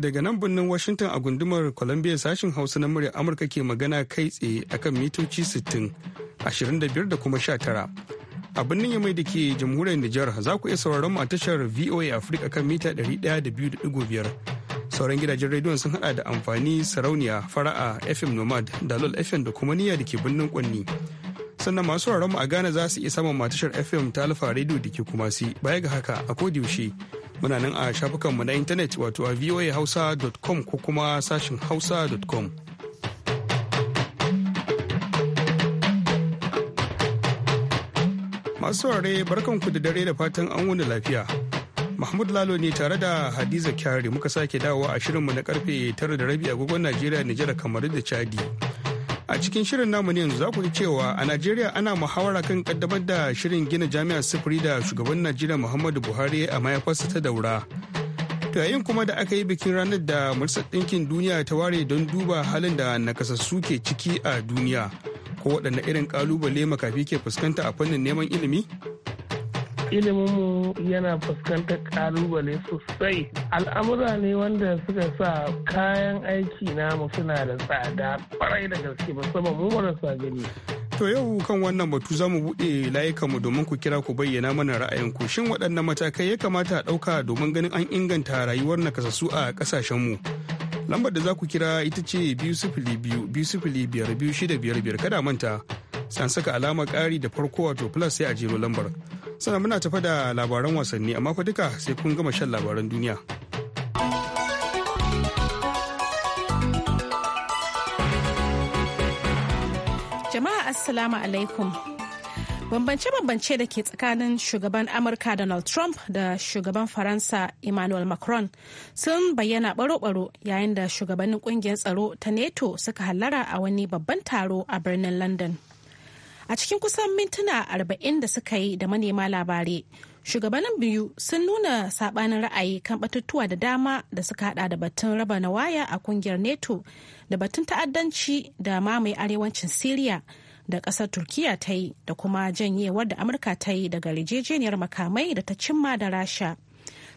Daga nan birnin Washington a gundumar Columbia sashin Hausa na murya Amurka ke magana kai tsaye akan mitoci 60, 25 da kuma 19. A birnin Yamai da ke jamhuriyar Nijar za ku iya sauraron mu a tashar VOA Africa kan mita 102.5. Sauran gidajen rediyon sun hada da amfani sarauniya fara'a FM Nomad, Dalol FM da kuma niyya da ke birnin Kwanni. sannan masu mu a Ghana za su iya samun matashar FM ta Alfa Radio da ke kuma baya ga haka a yaushe muna nan a shafukanmu na intanet wato a voahausa.com ko kuma sashin hausa.com masu saurare barkanku da dare da fatan an wuni lafiya mahmud lalo ne tare da hadiza kyari muka sake dawowa a shirinmu na karfe 9 da rabi agogon najeriya nijar kamaru da chadi a cikin shirin namu ne yanzu za ku ji cewa a najeriya ana muhawara kan kaddamar da shirin gina jami'ar sufuri da shugaban najeriya muhammadu buhari a mayafarsa ta daura to yayin kuma da aka yi bikin ranar da majalisar ɗinkin duniya ta ware don duba halin da nakasassu ke ciki a duniya ko waɗanne irin ƙalubale makafi ke fuskanta a fannin neman ilimi iliminmu yana fuskantar kalubale sosai al'amura ne wanda suka sa kayan aiki namu suna da tsada kwarai da gaske musamman mu marasa gani To yau kan wannan batu za mu buɗe layukanmu domin ku kira ku bayyana mana ra'ayinku shin waɗannan matakai ya kamata a ɗauka domin ganin an inganta rayuwar nakasassu a ƙasashenmu. Lambar da za ku kira ita ce biyu sifili biyu biyu sifili biyar biyu shida biyar biyar kada manta san saka alamar kari da farko wato plus sai a jero lambar. sannan muna tafa da labaran wasanni amma fa duka sai kun gama shan labaran duniya jama'a assalamu alaikum bambance-bambance da ke tsakanin shugaban amurka donald trump da shugaban faransa emmanuel macron sun bayyana baro-baro yayin da shugabannin kungiyar tsaro ta neto suka hallara a wani babban taro a birnin london a cikin kusan mintuna arba'in da suka yi da manema labarai shugabannin biyu sun nuna sabanin ra'ayi kan batutuwa da dama da suka hada da batun raba na waya a kungiyar neto da batun ta'addanci da mamaye arewacin syria da kasar turkiya ta yi da kuma janyewar da amurka ta yi daga yarjejeniyar makamai da ta cimma da rasha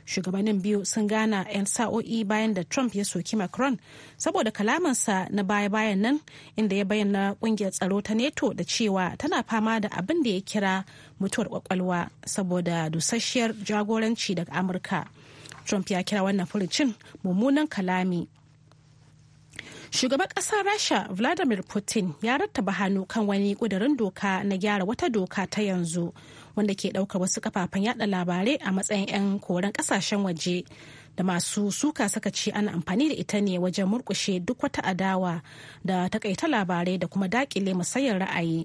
shugabannin biyu sun gana 'yan sa'o'i bayan da trump ya soki macron saboda kalamansa na baya-bayan nan inda ya bayyana kungiyar tsaro ta neto da cewa tana fama da abin da ya kira mutuwar kwakwalwa saboda dusasshiyar jagoranci daga amurka trump ya kira wannan furucin mummunan kalami shugaban kasar rasha vladimir putin ya rattaba hannu kan wani ƙudurin doka na gyara wata doka ta yanzu wanda ke ɗaukar wasu kafafen yada labarai a matsayin 'yan koren ƙasashen waje da masu suka saka ce ana amfani da ita ne wajen murkushe duk wata adawa da takaita labarai da kuma dakile musayar ra'ayi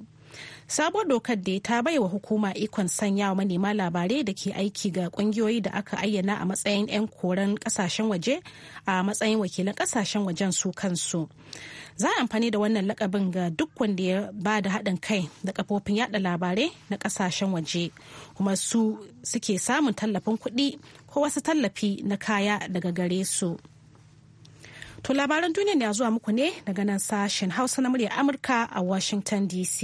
sabuwar dokar da ta bai wa hukuma ikon sanya wa manema labarai da ke aiki ga kungiyoyi da aka ayyana a matsayin 'yan koren kasashen waje a matsayin wakilan kasashen wajen su kansu za a amfani da wannan lakabin ga duk wanda ya ba da haɗin kai da kafofin yada labarai na ƙasashen waje kuma su suke samun tallafin kuɗi ko wasu tallafi na kaya daga gare su to labaran duniya na zuwa muku ne daga nan sashen hausa na murya amurka a washington dc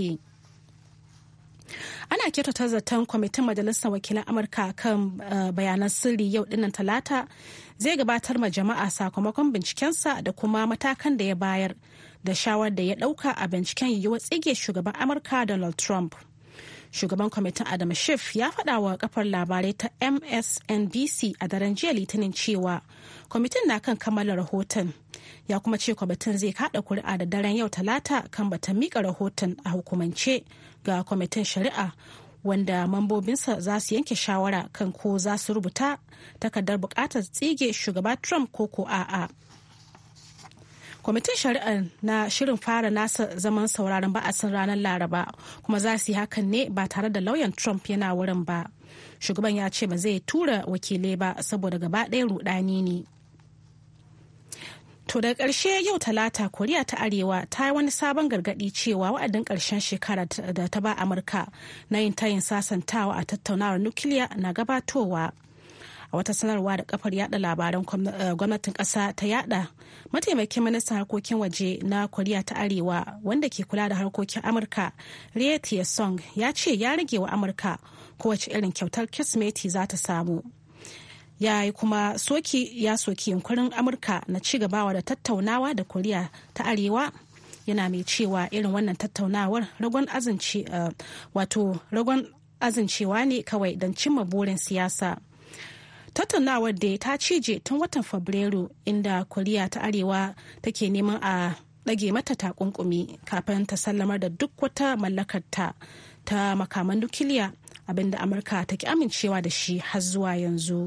ana kyautata zaton kwamitin majalisar wakilan amurka kan eh, bayanan sirri yau dinnan talata zai gabatar ma jama'a sakamakon bincikensa da kuma matakan da ya bayar da shawar da ya ɗauka a binciken yiwuwar tsige shugaban Amurka Donald Trump. Shugaban kwamitin Adam Schiff ya faɗa wa kafar labarai ta MSNBC a daren jiya Litinin cewa kwamitin na kan kammala rahoton. Ya kuma ce kwamitin zai kaɗa kuri'a da daren yau talata kan bata mika rahoton a hukumance ga kwamitin shari'a wanda mambobinsa za su yanke shawara kan ko za su rubuta takardar bukatar tsige shugaba Trump ko ko a'a. kwamitin shari'ar na shirin fara nasa zaman sauraron ba'asin ranar laraba kuma za su yi hakan ne ba tare da lauyan trump yana wurin ba shugaban ya ce ba zai tura wakilai ba saboda gaba ɗaya rudani ne To da ƙarshe yau talata Koriya ta Arewa ta yi wani sabon gargaɗi cewa wa'adin ƙarshen shekara da ta ba Amurka na yin tayin sasantawa a tattaunawar nukiliya na gabatowa. a wata sanarwa da kafar yada labaran eh, gwamnatin kasa ta yada mataimakin ministan harkokin waje na koriya ta arewa wanda ke kula da harkokin amurka rie song ya ce ya rage wa amurka kowace irin kyautar kismeti za ta samu ya yi kuma soki ya soki yunkurin amurka na ci gabawa da tattaunawa da koriya ta arewa yana mai cewa irin wannan tattaunawar ragon eh, wato ragon azincewa ne kawai don cimma burin siyasa tattaunawar da ta cije tun watan fabrairu inda koriya ta arewa take neman a ɗage mata takunkumi kafin ta sallamar da duk wata mallakarta ta makaman nukiliya abinda amurka ta ki amincewa da shi har zuwa yanzu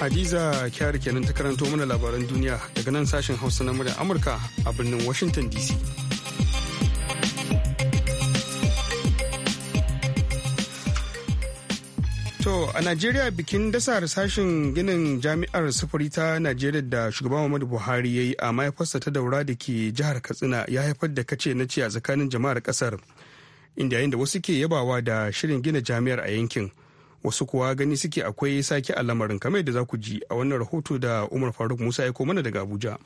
hadiza kyari kenan ta karanto mana labaran duniya daga nan sashen hausa na murya amurka a birnin washington dc To a Najeriya bikin dasa sashen ginin jami'ar sufuri ta Najeriya da shugaban Muhammadu Buhari ya yi a mahaifarsa ta daura da ke jihar Katsina ya haifar da kace na ce a tsakanin jama'ar kasar inda yayin da wasu ke yabawa da shirin gina jami'ar a yankin wasu kuwa gani suke akwai sake a lamarin kamar da za ku ji a wannan rahoto da Umar Faruk Musa ya mana daga Abuja.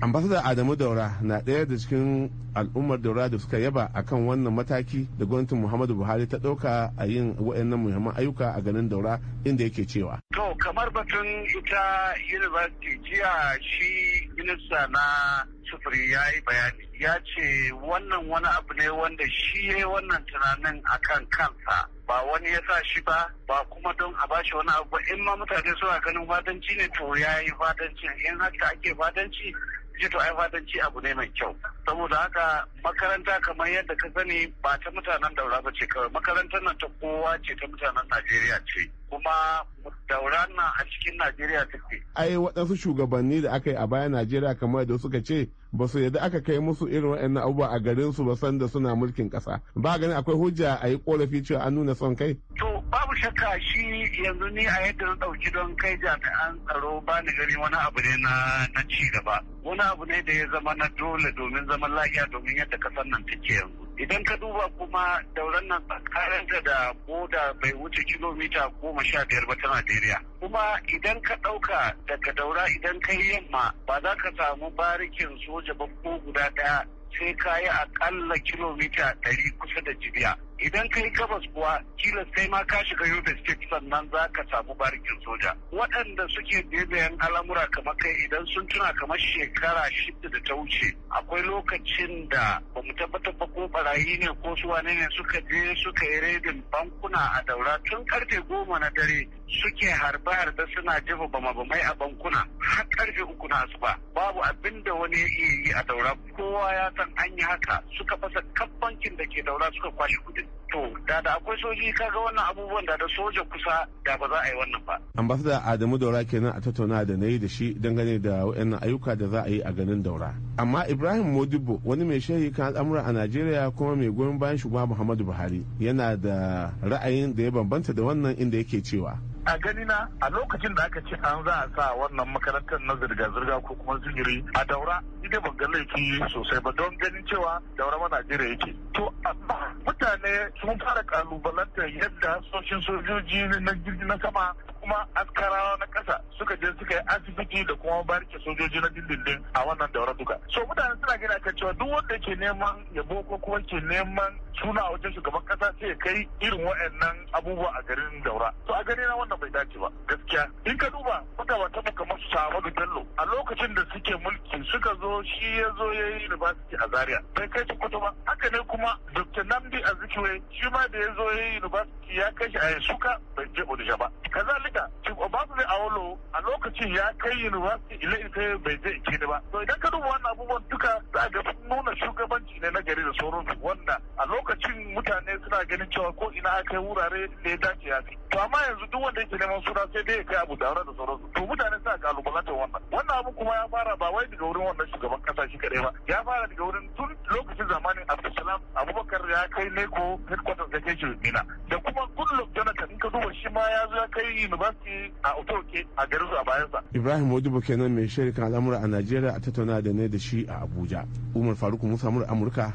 ambasada adamu daura na ɗaya da cikin al'ummar daura da suka yaba akan wannan mataki da gwamnatin muhammadu buhari ta ɗauka a yin wa'annan muhimman ayyuka a garin daura inda yake cewa to kamar batun ita university jiya shi minista na sufuri ya yi bayani ya ce wannan wani abu ne wanda shi ya yi wannan tunanin akan kansa ba wani ya sa shi ba ba kuma don a bashi wani abu in ma mutane suna ganin fadanci ne to ya yi fadanci in haka ake fadanci ce to ai fatanci abu ne mai kyau saboda haka makaranta kamar yadda ka sani ba ta mutanen daura ba ce kawai makarantar nan ta kowa ce ta mutanen najeriya ce kuma daura nan a cikin najeriya take ai waɗansu shugabanni da aka yi a baya najeriya kamar da suka ce ba su yadda aka kai musu irin waɗannan abubuwa a garin su ba sanda suna mulkin kasa ba gani akwai hujja a yi ƙorafi cewa an nuna son kai. to babu shakka shi yanzu ni a yadda na ɗauki don kai jami'an tsaro ba ni gani wani abu ne na na ci gaba wani abu ne da ya zama na dole domin zaman lafiya domin yadda kasar nan take yanzu. idan ka duba kuma dauran nan tsakaninta da boda bai wuce kilomita goma sha biyar ba ta najeriya kuma idan ka ɗauka daga daura idan ka yi yamma ba za ka samu barikin soja ba ko guda ɗaya sai ka yi akalla kilomita ɗari kusa da jibiya idan ka yi gabas kuwa kila kai ma ka shiga yobe state sannan za ka samu barikin soja waɗanda suke 'yan al'amura kamar kai idan sun tuna kamar shekara shida da ta wuce akwai lokacin da ba mu tabbatar ba ko barayi ne ko su wane ne suka je suka yi redin bankuna a daura tun karfe goma na dare suke harbe harba suna jefa bama bamai a bankuna har karfe uku na asuba babu abin da wani ya iya yi a daura kowa ya san an yi haka suka fasa kan bankin da ke daura suka kwashe kudin to da da akwai soji kaga wannan abubuwan da da soja kusa da ba za a yi wannan ba. ambasada adamu daura kenan a tattauna da na yi da shi dangane da wayannan ayyuka da za a yi a ganin daura amma ibrahim modibo wani mai shehi kan al'amura a najeriya kuma mai goyon bayan shugaba muhammadu buhari yana da ra'ayin da ya bambanta da wannan inda yake cewa a gani na a lokacin da aka ce an za a sa wannan makarantar na zirga-zirga ko kuma zingiri a daura ina ban ga laifi sosai ba don ganin cewa daura ma Najeriya yake. To amma mutane sun fara kalubalantar yadda sojin sojoji na jirgin sama kuma askarawa na ƙasa suka je suka yi asibiti da kuma barke sojoji na dindindin a wannan daura duka so mutane suna gina kan cewa duk wanda ke neman yabo ko kuma ke neman suna a wajen shugaban ƙasa sai ya kai irin wa'annan abubuwa a garin daura to a gani na wannan bai dace ba gaskiya in ka duba wata ba ta kamar su wani Bello a lokacin da suke mulki suka zo shi ya zo ya yi university a Zaria bai kai su ba haka ne kuma Dr. Namdi Azikiwe shi ma da ya zo ya yi university ya kai shi a suka bai je Odisha ba kazalika Tunda Chief Obasanjo Awolo a lokacin ya kai University ila ita bai je Ikene ba. To idan ka duba wannan abubuwan duka za ga sun nuna shugabanci ne na gari da su wanda a lokacin mutane suna ganin cewa ko ina aka yi wurare da ya dace ya fi. To amma yanzu duk wanda yake neman suna sai dai ya kai abu daura da su. To mutane suna kalubalantar wannan. Wannan abu kuma ya fara ba wai daga wurin wannan shugaban kasa shi kaɗai ba. Ya fara daga wurin tun lokacin zamanin Abdulsalam Abubakar ya kai Neko headquarters da ke Mina. Da kuma Goodluck Jonathan in ka duba shi ma ya zo ya kai university a otoke a garin su a bayansa ibrahim modibo kenan mai shirikan al'amura a najeriya a tattauna da ne da shi a abuja umar faruk musa mura amurka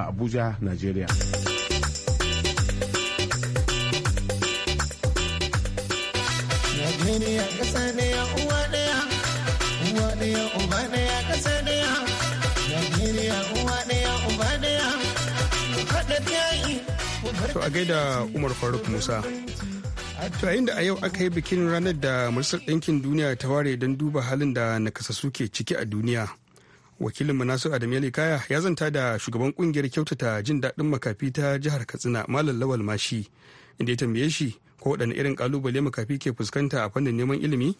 a abuja najeriya Najeriya ƙasa ɗaya uwa ɗaya, uwa ɗaya uba ɗaya ƙasa ɗaya. Najeriya uwa ɗaya uba ɗaya, mu faɗa yayi. To a gaida Umar Faruk Musa. To inda a yau aka yi bikin ranar da Majalisar Ɗinkin Duniya ta ware don duba halin da nakasassu ke ciki a duniya. Wakilin Nasir Adam Kaya ya zanta da shugaban kungiyar kyautata jin daɗin makafi ta jihar Katsina Malam Lawal Mashi inda ya tambaye shi ko waɗanne irin ƙalubale makafi ke fuskanta a fannin neman ilimi?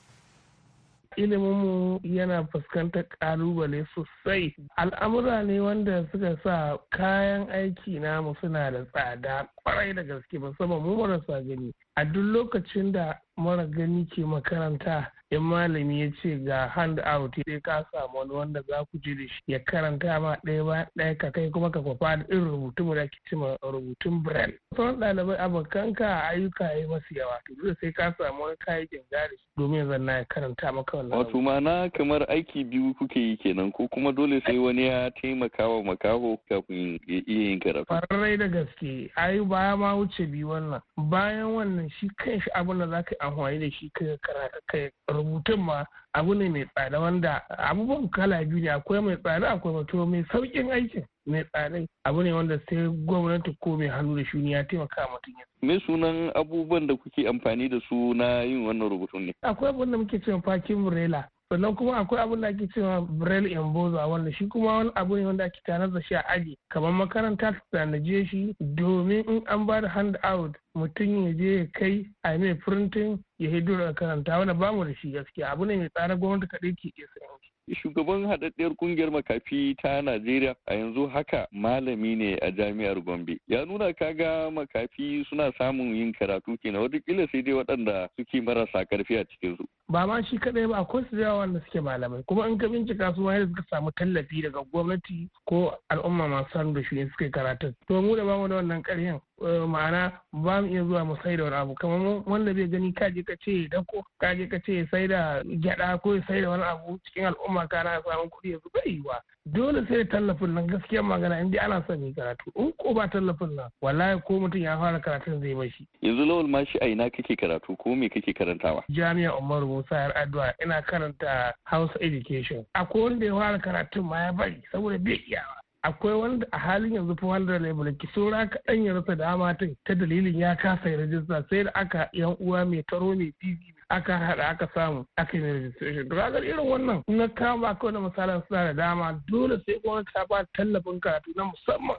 iliminmu yana fuskantar kalubale sosai al'amura ne wanda suka sa kayan aiki namu suna da tsada kwarai da gaske musamman mu marasa gani a duk lokacin da mara gani ke makaranta in malami ya ce ga hand out sai ka samu wani wanda za ku ji da shi ya karanta ma ɗaya ba ɗaya ka kai kuma ka kwafa da irin rubutu da ce ma rubutun brand sauran ɗalibai abokan ka ayyuka ya yi masu yawa to dole sai ka samu wani kayi gari domin zanna ya karanta maka wannan wato ma'ana kamar aiki biyu kuke yi kenan ko kuma dole sai wani ya taimaka wa makaho kafin ya iya yin karatu farrai da gaske ayi baya ma wuce biyu wannan bayan wannan shi kanshi abin da za ka yi. amfani da shi kai karatu kai rubutun ma abu ne mai tsada wanda abubuwan kala biyu ne akwai mai tsada akwai mutum mai saukin aikin mai tsada abu ne wanda sai gwamnati ko mai hannu da shuni ya taimaka mutum ya me sunan abubuwan da kuke amfani da su na yin wannan rubutun ne akwai abin da muke cewa fakin murela sannan kuma akwai abin da ake cewa braille emboza wanda shi kuma wani abu ne wanda ake tanar da shi a aji kamar makaranta ta tanaje shi domin in an ba da hand out mutum ya je ya kai a mai printing ya hido da karanta wanda ba mu da shi gaskiya abu ne mai tsara gwamnati kaɗai ke iya sayan shi shugaban haɗaɗɗiyar kungiyar makafi ta Najeriya a yanzu haka malami ne a jami'ar Gombe. Ya nuna kaga makafi suna samun yin karatu kenan watakila sai dai waɗanda suke marasa ƙarfi a cikin su. ba ma shi kadai ba akwai su yawa wanda suke malamai kuma in ka bincika su ma suka samu tallafi daga gwamnati ko al'umma masu sanu da shi suka karatun to mu da ba mu da wannan karyan eh, ma'ana ba mu iya zuwa mu sai da wani abu kamar wanda bai gani ka je ka ce da ko ka je ka ce sai da gyada ko sai da wani abu cikin al'umma ka kana samun kuɗi yanzu bai yiwa dole sai tallafin nan gaskiya magana in dai ana son yi karatu in ko ba tallafin nan wallahi ko mutum ya fara karatun zai shi. yanzu lawal ma shi a ina kake karatu ko me kake karantawa jami'a umar musa yar adwa ina karanta house education akwai wanda ya fara karatun ma ya bari saboda bai iyawa akwai wanda a halin yanzu fa wanda ne mulki saura kaɗan ya rasa dama ta dalilin ya kasa ya rajista sai da aka yan uwa mai taro mai bibi aka hada aka samu aka yi registration to kaga irin wannan in ka kama kawai da misalan suna da dama dole sai kuma ta ba tallafin karatu na musamman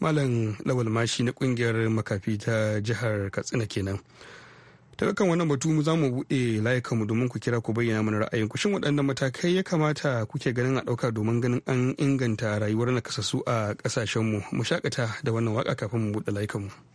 malam lawal mashi na kungiyar makafi ta jihar katsina kenan daga kan wannan batu mu za mu buɗe layukanmu domin ku kira ku bayyana mana ra'ayinku shin waɗannan matakai ya kamata kuke ganin a ɗauka domin ganin an inganta rayuwar nakasassu a ƙasashenmu mu shakata da wannan waƙa kafin mu buɗe layukanmu. mu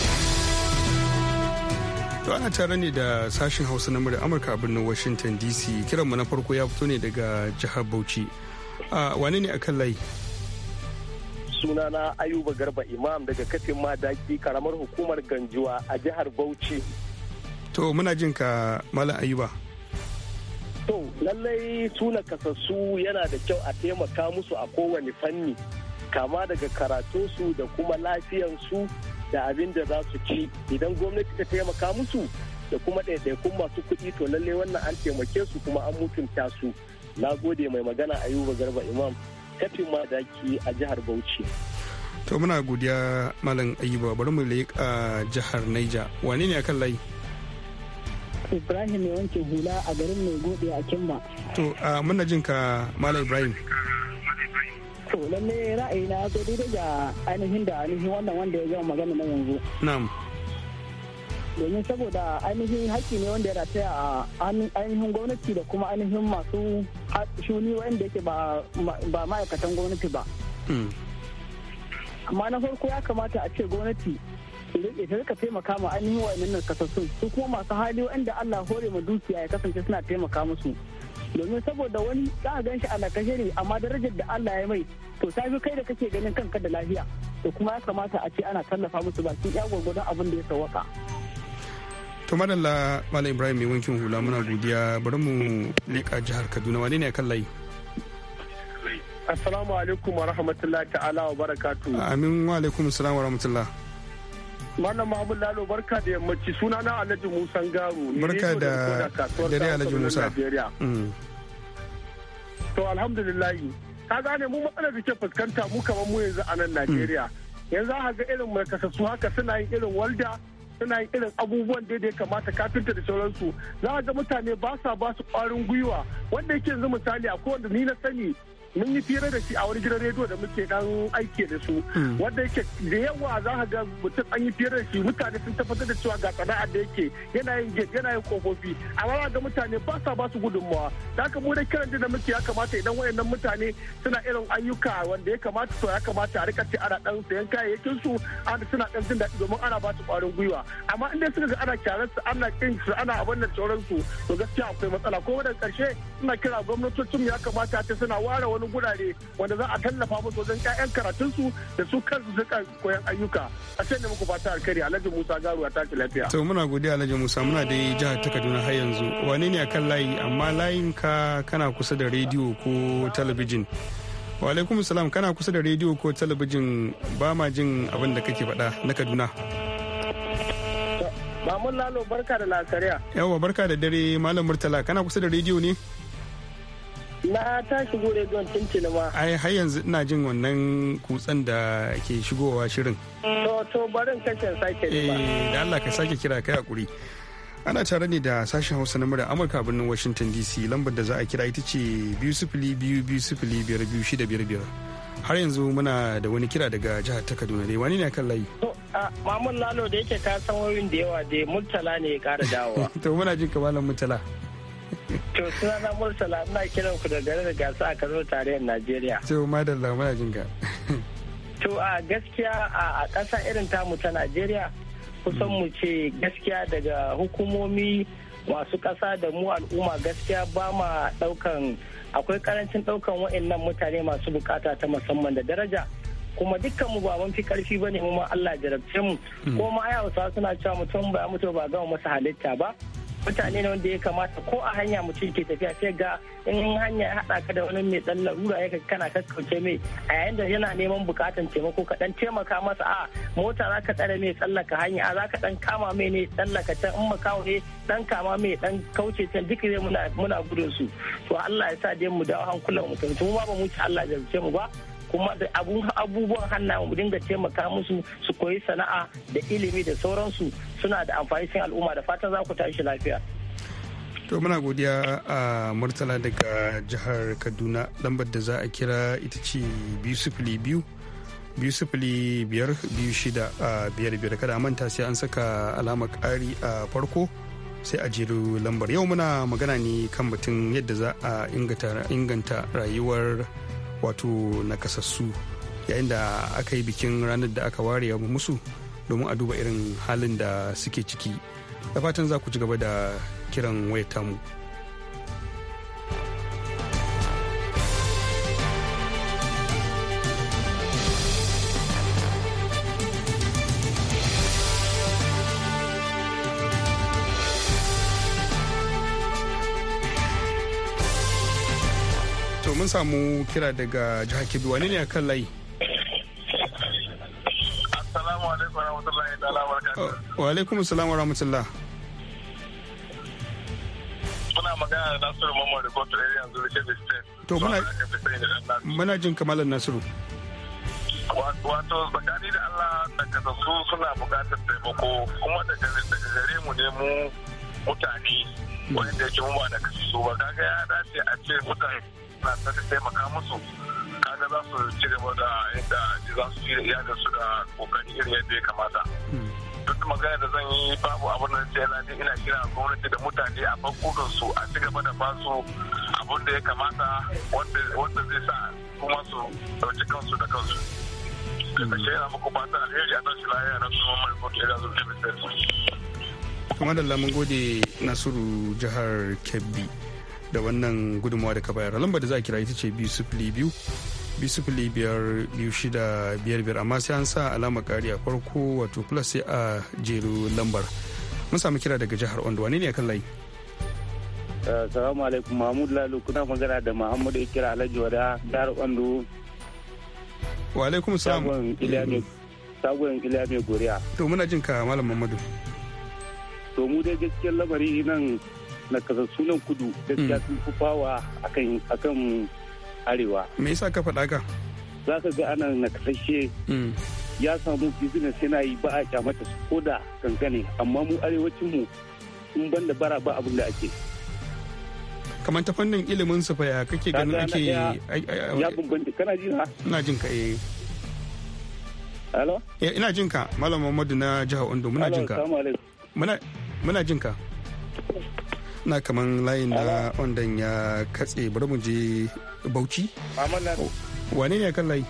To ana tare ne da sashen Hausa na murya Amurka a birnin Washington DC. mu na farko ya fito ne daga jihar Bauchi. Wane ne akan layi? Sunana Ayuba Garba Imam daga kafin madaki karamar hukumar Ganjuwa a jihar Bauchi. To muna jin ka Malam Ayuba. To lallai tuna kasassu yana da kyau a taimaka musu a kowane fanni kama daga karatunsu da kuma lafiyan su. da abin da za su ci idan gwamnati ta taimaka musu da kuma ɗaiɗaikun masu kuɗi to lallai wannan an taimake su kuma an mutunta su na gode mai magana ayuba garba imam kafin madaki a jihar bauchi to muna godiya malam ayuba bari mu leƙa jihar naija wani ne akan layi ibrahim ya wanke hula a garin mai gode a kimba to muna jin ka malam ibrahim to lalle ra'ayi na so daidai da ainihin da ainihin wannan wanda ya zama magana na yanzu na'am domin saboda ainihin haƙƙi ne wanda ya rataya a ainihin gwamnati da kuma ainihin masu shuni wanda yake ba ma'aikatan gwamnati ba hmm. amma na farko ya kamata a ce gwamnati ita rika taimaka ma ainihin wa'annan kasassun su kuma masu hali wa'anda Allah hore ma dukiya ya kasance suna taimaka musu domin saboda wani za a gan shi ana kashe ne amma darajar da Allah ya mai to ta fi kai da kake ganin kanka da lafiya to kuma ya kamata a ce ana tallafa musu baki ya gwagwadon abin da ya sauwaka. to madalla mala ibrahim mai wankin hula muna godiya bari mu leƙa jihar kaduna wane ne kan layi. assalamu alaikum wa rahmatullahi ta'ala wa barakatu. amin wa alaikum assalam wa rahmatullahi. Malam Abu Lalo barka da yammaci suna na Alhaji Musa Garu. Barka da dare Alhaji Musa. Mm. To alhamdulillahi ka gane mu matsalar da ke fuskanta mu kamar mu yanzu a nan mm. Najeriya. Yanzu za ga irin markasassu haka suna yin irin walda suna yin irin abubuwan da ya kamata kafinta da sauransu za ga mutane ba sa ba su kwarin gwiwa wanda yake yanzu misali a kowanne ni na sani mun yi fiye da shi a wani gidan rediyo da muke dan aiki da su hmm. wanda yake da yawa za ka ga mutum an yi fiye da shi mutane sun tabbatar da cewa ga sana'a da yake yana yin gate yana yin kofofi amma ga mutane ba sa ba su gudunmawa da haka mu da kiran da muke ya kamata idan wayannan mutane suna irin ayyuka wanda ya kamata to ya kamata a rika ce ana dan sayan kayayyakin su ana suna dan jin daɗi domin ana ba su ƙwarin gwiwa amma in dai suka ga ana kyaran su ana kin su ana abin da sauransu to gaskiya akwai matsala ko da ƙarshe suna kira gwamnatocin ya kamata ta suna ware wani wani gurare wanda za a tallafa musu wajen ƴaƴan karatunsu da su kansu su koyan ayyuka a ce ne muku fata alkhairi alhaji musa garuwa ta ci lafiya to muna godiya alhaji musa muna da jihar ta kaduna har yanzu wane ne akan layi amma layin ka kana kusa da rediyo ko talabijin wa alaikum salam kana kusa da rediyo ko talabijin ba ma jin abin da kake faɗa na kaduna Mamun Lalo barka da lasariya. yawon barka da dare Malam Murtala kana kusa da rediyo ne? na ta shigo don tuntuni ma ai har yanzu ina jin wannan kutsen da ke shigowa shirin to to barin kashin sake ne ba eh da Allah ka sake kira kai hakuri ana tare ne da sashen hausa na murar amurka birnin washington dc lambar da za a kira ita ce biyu sifili biyu biyu sifili biyar biyu shida biyar biyar har yanzu muna da wani kira daga jihar ta kaduna dai wani ne kan layi mamun lalo da yake ka san wurin da yawa dai murtala ne ya kara dawowa to muna jin kamalan murtala To suna na Murtala ina kiran ku da garin gasa a Kano tarayyar Najeriya. To ma da lamuna jinka. To a gaskiya a ƙasa irin tamu ta Najeriya kusan mu ce gaskiya daga hukumomi masu ƙasa da mu al'umma gaskiya ba ma ɗaukan akwai ƙarancin ɗaukan wa'annan mutane masu bukata ta musamman da daraja. kuma dukkan mu ba mun fi karfi bane mu ma Allah jarabce mu hmm. ko ma ai suna cewa mutum ba mutu ba ga masa halitta ba mutane ne wanda ya kamata ko a hanya mutum ke tafiya sai ga in hanya ya haɗa ka da wani mai ɗan larura ya kana kakkauce mai a yayin da yana neman bukatan taimako ka ɗan taimaka masa a mota za ka tsare mai tsallaka hanya a za ka ɗan kama mai ne tsallaka can in makawo ne ɗan kama mai ɗan kauce can duk zai muna gudun su to Allah ya sa dai mu dawo hankulan mu mu ba mu ci Allah ya mu ba kuma da abubuwan hannayen mu dinga taimaka musu su koyi sana'a da ilimi da sauransu suna da amfani cikin al'umma da fatan za ku tashi lafiya to muna godiya a murtala daga jihar kaduna lambar da za a kira ita ce biyu sifili biyu biyu sifili biyar biyu shida a biyar biyar kada manta sai an saka alamar ƙari a farko sai a jeru lambar yau muna magana ne kan batun yadda za a inganta rayuwar wato nakasassu yayin da aka yi bikin ranar da aka ware musu domin a duba irin halin da suke ciki da fatan za ku ci gaba da kiran wayar tamu. samu kira daga jihar Kebbi wane ne akan layi? Assalamu alaikum warahmatullahi ta'ala barakatuh. Oh, wa alaikum assalam Muna magana da Nasiru Mamman Rikoto yanzu da Kebbi State. To muna jin kamalan Nasiru. wato tsakani da Allah su suna bukatar taimako kuma daga gare mu ne mu mutane wanda ke mu ba da kasu ba kaga ya dace a ce mutane na ta taimaka musu kaga za su ci gaba da yadda za su ci iyalin su da kokari irin yadda ya kamata duk magana da zan yi babu abin da ce na ina kira gwamnati da mutane a farko su a ci gaba da basu abin da ya kamata wanda zai sa kuma su dauki kansu da kansu daga shi yana muku fata alheri a tashi lahiya na su mamman kotu ya zo da kuma da lamun gode nasiru jihar kebbi da wannan gudunmawa da ka bayar lambar da za a kira ita ce biyu biyu biyar biyu shida biyar biyar amma sai an sa alama kari a farko wato plus sai a jeru lambar mun samu kira daga jihar ondo wane ne a kan layi eh, salamu alaikum mahmud lalu kuna magana da ya kira alhaji wada jihar ondo wa alaikum salam sagon iliya mai goriya to muna jin ka malam Mamadu. to mu dai gaskiyar lamari nan na kasar sunan kudu gaskiya hmm. sun fi fawa akan akan arewa me yasa ka faɗa ka za ka ga ana na kasashe hmm. ya samu business yana yi ba a kyamata su ko da kankane amma mu arewacin mu sun ban da bara ba abin da ake kamar ta fannin ilimin su fa ya kake ganin ake ya bambanta kana ji na ina jin ka eh Hello? Eh, ina jin ka Malam Muhammadu na jihar Ondo muna jin ka. Muna muna jin ka. na kaman layin na wanda ya katse bari mu je bauchi oh, wane ne kan layi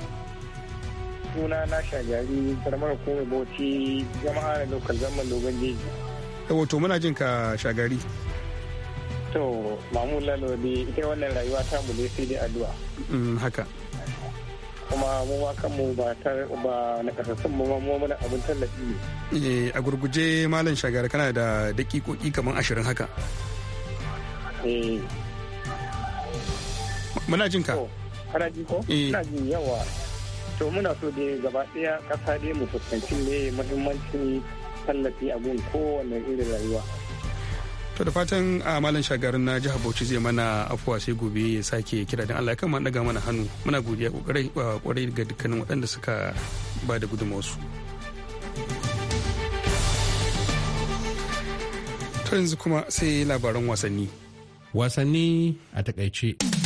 suna na shagari karamar kome bauchi jama'a na lokal zaman dogon jeji wato muna jin ka shagari to mamu lalo ne ita wannan rayuwa ta mu ne sai dai addu'a mm, haka kuma mu ma kanmu ba ta ba na kasassun mu mu mana abin tallafi ne eh a gurguje malam shagari kana da dakikoki kaman ashirin haka Eh. muna jin ka oh, kana ji ko eh. ina jin yawa to muna so da gaba daya kasa dai mu fuskanci ne muhimmancin tallafi a gun kowane irin rayuwa to da fatan a ah, malam shagarin na jihar bauchi zai mana afuwa sai gobe ya sake kira don allah kama daga mana hannu muna godiya kwarai ah, ga dukkanin waɗanda suka ba da gudunmawarsu to yanzu kuma sai labaran wasanni wasanni a takaice.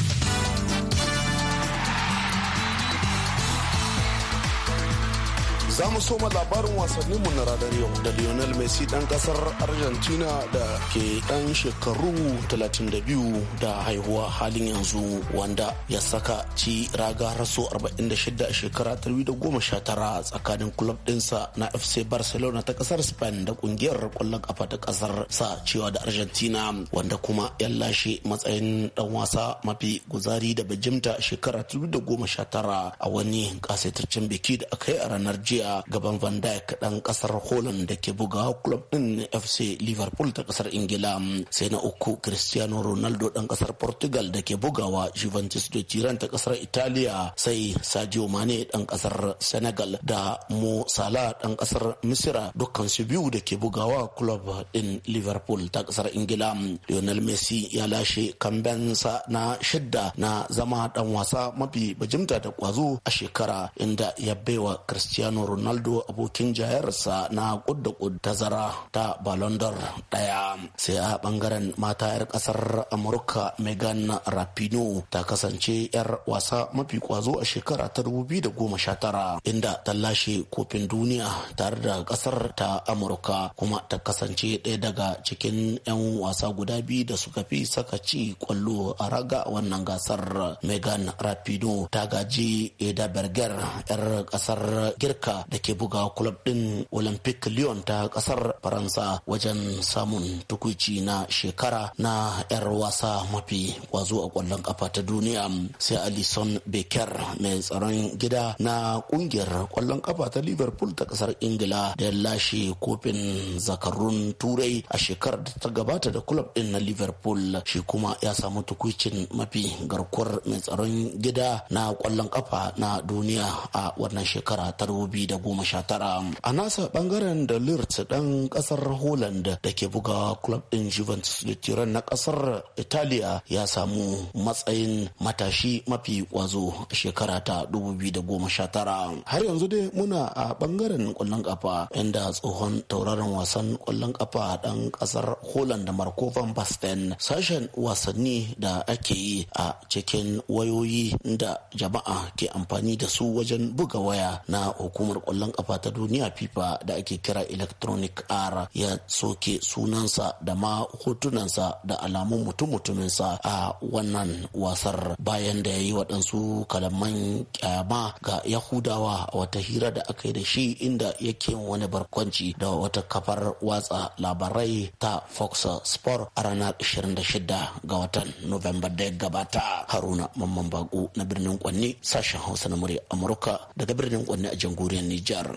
Za mu soma labarin wasanninmu na ranar yau da Lionel Messi Dan kasar Argentina da ke dan shekaru 32 da haihuwa halin yanzu wanda ya saka ci raga raso 46 a shekara 2019 tsakanin club sa na FC Barcelona ta kasar Spain da ƙungiyar kwallon ƙafa ta ƙasar sa cewa da Argentina wanda kuma ya lashe matsayin dan wasa mafi guzari da bijimta shekara 2019 a wani kasaitaccen biki da aka yi a ranar jiya a gaban Van Dijk dan kasar Holland da ke buga club din FC Liverpool ta kasar Ingila sai na uku Cristiano Ronaldo dan kasar Portugal da ke bugawa Juventus da ta kasar Italiya sai Sadio Mane dan kasar Senegal da Mo Salah dan kasar Misira dukkan su biyu da ke bugawa club din Liverpool ta kasar Ingila Lionel Messi ya lashe kambensa na shidda na zama dan wasa mafi bajimta da kwazo a shekara inda ya baiwa Cristiano ronaldo abokin jayarsa na kudda ta tazara ta ballon d'or daya sai a bangaren mata 'yar kasar amurka megan rapino ta kasance 'yar wasa mafi kwazo a shekara ta 2019 inda ta lashe kofin duniya tare da kasar ta amurka kuma ta kasance ɗaya daga cikin 'yan wasa guda biyu da suka fi saka ci kwallo a raga wannan gasar megan rapino ta gaji eda berger 'yar kasar girka da ke buga kulab ɗin Olympic Lyon ta ƙasar Faransa wajen samun tukuici na shekara na 'yar wasa mafi kwazo a kwallon ƙafa ta duniya sai Alison Becker mai tsaron gida na ƙungiyar ƙwallon ƙafa ta Liverpool ta ƙasar Ingila da ya lashe kofin zakarun Turai a shekarar da ta gabata da kulab ɗin na Liverpool shi kuma ya samu tukuicin mafi garkuwar mai tsaron gida na ƙwallon ƙafa na duniya a wannan shekara ta da goma sha tara. A nasa bangaren da Lirt dan kasar Holland da ke buga club din Juventus da tiran na kasar Italiya ya samu matsayin matashi mafi kwazo a shekara ta tara. Har yanzu dai muna a bangaren kwallon kafa inda tsohon tauraron wasan kwallon kafa dan kasar Holland Marco van Basten sashen wasanni da ake yi a cikin wayoyi da jama'a ke amfani da su wajen buga waya na hukumar kwallon kafa ta duniya fifa da ake kira electronic r ya soke sunansa da ma hotunansa da alamun mutum-mutuminsa a wannan wasar bayan da ya yi waɗansu kalaman kyama ga yahudawa a wata hira da aka yi da shi inda yake wani barkwanci da wata kafar watsa labarai ta fox sport a ranar 26 ga watan november da ya gabata haruna mamman bako na birnin kwanne sashen hausa na murya amurka daga birnin kwanne a jamhuriyar Nijar.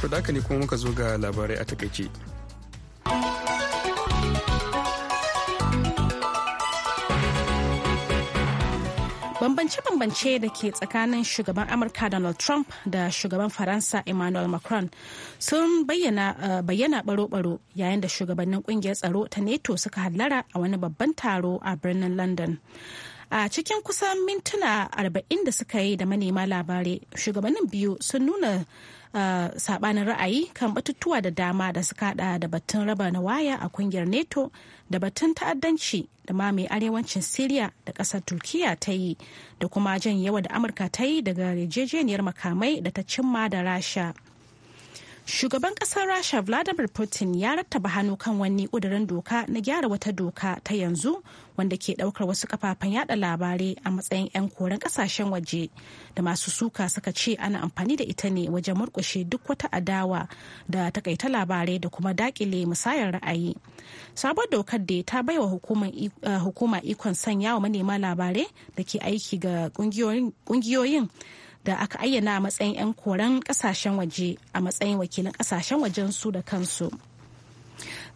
To da ne kuma muka zo ga labarai a takaice. bambance-bambance da ke tsakanin shugaban amurka donald trump da shugaban faransa emmanuel macron sun bayyana eh, baro-baro yayin da shugabannin kungiyar tsaro ta neto suka hallara a wani babban taro a birnin london a cikin kusan mintuna 40 da suka yi da manema labarai shugabannin biyu sun nuna sabanin ra'ayi kan batutuwa da dama da suka hada da batun raba na waya a kungiyar neto da batun ta'addanci da ma mai arewacin syria da kasar turkiya ta yi da kuma jan yawa da amurka ta yi daga yarjejeniyar makamai da ta cimma da rasha Shugaban ƙasar Rasha Vladimir Putin ya rattaba hannu kan wani ƙudurin doka na gyara wata doka ta yanzu wanda ke ɗaukar wasu kafafen yada labarai a matsayin 'yan koren ƙasashen waje da masu suka suka ce ana amfani da ita ne wajen murƙushe duk wata adawa da takaita labarai da kuma daƙile musayar ra'ayi. Sabon dokar da ta baiwa hukuma eh, ikon sanya wa manema labarai da ke aiki ga ƙungiyoyin da aka ayyana a matsayin 'yan koren kasashen waje a matsayin wakilin kasashen wajen su da kansu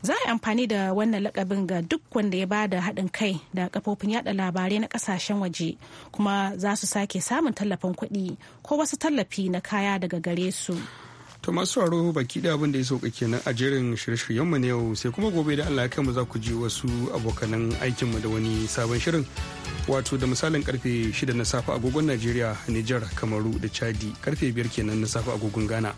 za a yi amfani da wannan lakabin ga duk wanda ya ba da haɗin kai da kafofin yada labarai na kasashen waje kuma za su sake samun tallafin kuɗi ko wasu tallafi na kaya daga gare su to masu sauraro baki da abin da ya sauka kenan a jerin shirye-shiryenmu na yau sai kuma gobe da allah ya mu za ku ji wasu abokanan aikinmu da wani sabon shirin wato da misalin karfe 6 na safe agogon Najeriya, Nijar, Kamaru da Chadi karfe 5 kenan na safe agogon Ghana.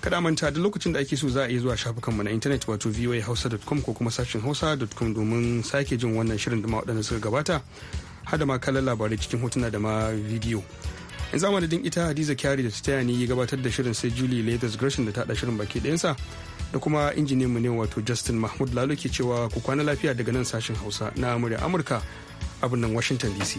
Kada manta da lokacin da ake so za a iya zuwa shafukanmu na intanet wato voahausa.com ko kuma sashin hausa.com domin sake jin wannan shirin da waɗanda suka gabata da ma kallon labarai cikin hotuna da ma bidiyo. in zama da ita hadiza kyari da ta ni gabatar da shirin sai julie leathers gresham da ta shirin baki ɗayansa da kuma injiniyan mu ne wato justin mahmud lalo ke cewa ku kwana lafiya daga nan sashin hausa na murya amurka abin nan washington dc